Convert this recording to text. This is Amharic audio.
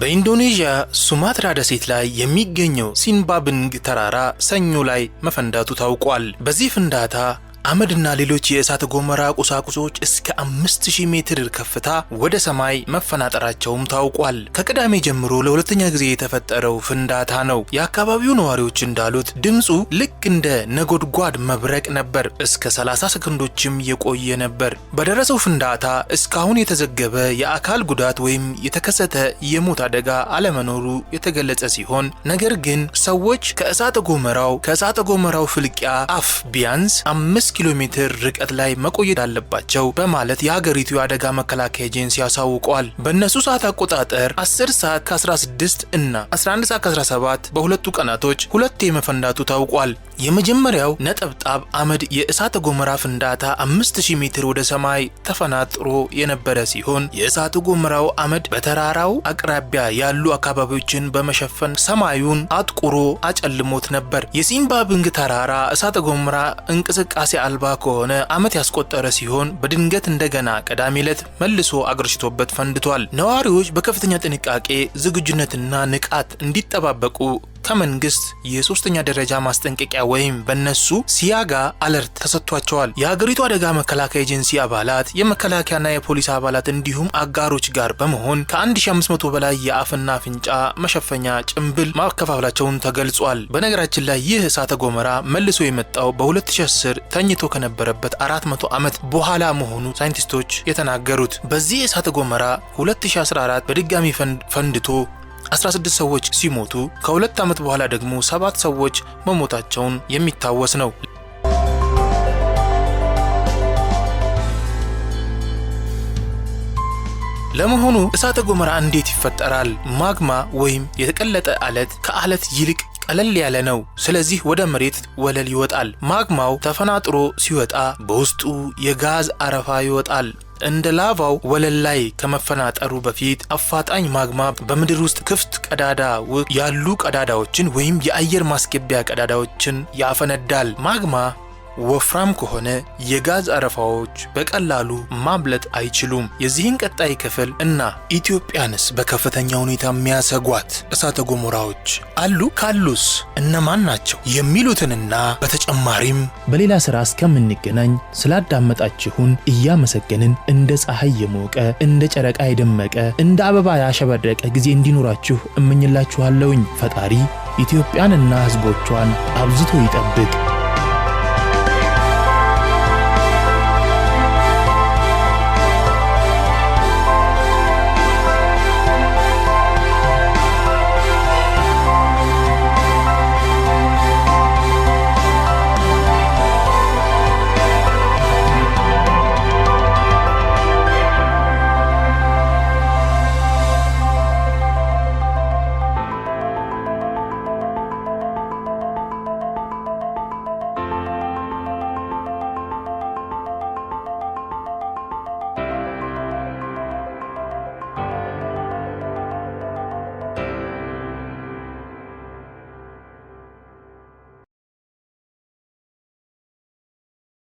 በኢንዶኔዥያ ሱማትራ ደሴት ላይ የሚገኘው ሲንባብንግ ተራራ ሰኞ ላይ መፈንዳቱ ታውቋል። በዚህ ፍንዳታ አመድና ሌሎች የእሳተ ገሞራ ቁሳቁሶች እስከ 5000 ሜትር ከፍታ ወደ ሰማይ መፈናጠራቸውም ታውቋል። ከቅዳሜ ጀምሮ ለሁለተኛ ጊዜ የተፈጠረው ፍንዳታ ነው። የአካባቢው ነዋሪዎች እንዳሉት ድምፁ ልክ እንደ ነጎድጓድ መብረቅ ነበር። እስከ 30 ሰከንዶችም የቆየ ነበር። በደረሰው ፍንዳታ እስካሁን የተዘገበ የአካል ጉዳት ወይም የተከሰተ የሞት አደጋ አለመኖሩ የተገለጸ ሲሆን ነገር ግን ሰዎች ከእሳተ ገሞራው ከእሳተ ገሞራው ፍልቂያ አፍ ቢያንስ አምስት ኪሎ ሜትር ርቀት ላይ መቆየት አለባቸው በማለት የሀገሪቱ የአደጋ መከላከያ ኤጀንሲ አሳውቋል። በእነሱ ሰዓት አቆጣጠር 10 ሰዓት ከ16 እና 11 ሰዓት ከ17 በሁለቱ ቀናቶች ሁለቴ መፈንዳቱ ታውቋል። የመጀመሪያው ነጠብጣብ አመድ የእሳተ ጎመራ ፍንዳታ 5000 ሜትር ወደ ሰማይ ተፈናጥሮ የነበረ ሲሆን የእሳተ ጎመራው አመድ በተራራው አቅራቢያ ያሉ አካባቢዎችን በመሸፈን ሰማዩን አጥቁሮ አጨልሞት ነበር። የሲምባብንግ ተራራ እሳተ ጎመራ እንቅስቃሴ አልባ ከሆነ ዓመት ያስቆጠረ ሲሆን በድንገት እንደገና ቀዳሚ ዕለት መልሶ አገርሽቶበት ፈንድቷል። ነዋሪዎች በከፍተኛ ጥንቃቄ ዝግጁነትና ንቃት እንዲጠባበቁ ከመንግስት የሶስተኛ ደረጃ ማስጠንቀቂያ ወይም በነሱ ሲያጋ አለርት ተሰጥቷቸዋል። የሀገሪቱ አደጋ መከላከያ ኤጀንሲ አባላት፣ የመከላከያና የፖሊስ አባላት እንዲሁም አጋሮች ጋር በመሆን ከ1500 በላይ የአፍና አፍንጫ መሸፈኛ ጭንብል ማከፋፈላቸውን ተገልጿል። በነገራችን ላይ ይህ እሳተ ጎመራ መልሶ የመጣው በ2010 ተኝቶ ከነበረበት 400 ዓመት በኋላ መሆኑ ሳይንቲስቶች የተናገሩት። በዚህ እሳተ ጎመራ 2014 በድጋሚ ፈንድቶ 16 ሰዎች ሲሞቱ ከሁለት ዓመት በኋላ ደግሞ ሰባት ሰዎች መሞታቸውን የሚታወስ ነው። ለመሆኑ እሳተ ገሞራ እንዴት ይፈጠራል? ማግማ ወይም የተቀለጠ አለት ከአለት ይልቅ ቀለል ያለ ነው። ስለዚህ ወደ መሬት ወለል ይወጣል። ማግማው ተፈናጥሮ ሲወጣ በውስጡ የጋዝ አረፋ ይወጣል። እንደ ላቫው ወለል ላይ ከመፈናጠሩ በፊት አፋጣኝ ማግማ በምድር ውስጥ ክፍት ቀዳዳ ያሉ ቀዳዳዎችን ወይም የአየር ማስገቢያ ቀዳዳዎችን ያፈነዳል። ማግማ ወፍራም ከሆነ የጋዝ አረፋዎች በቀላሉ ማምለጥ አይችሉም። የዚህን ቀጣይ ክፍል እና ኢትዮጵያንስ በከፍተኛ ሁኔታ የሚያሰጓት እሳተ ገሞራዎች አሉ ካሉስ እነማን ናቸው የሚሉትንና በተጨማሪም በሌላ ስራ እስከምንገናኝ ስላዳመጣችሁን እያመሰገንን እንደ ፀሐይ የሞቀ እንደ ጨረቃ የደመቀ እንደ አበባ ያሸበረቀ ጊዜ እንዲኖራችሁ እመኝላችኋለውኝ። ፈጣሪ ኢትዮጵያንና ሕዝቦቿን አብዝቶ ይጠብቅ።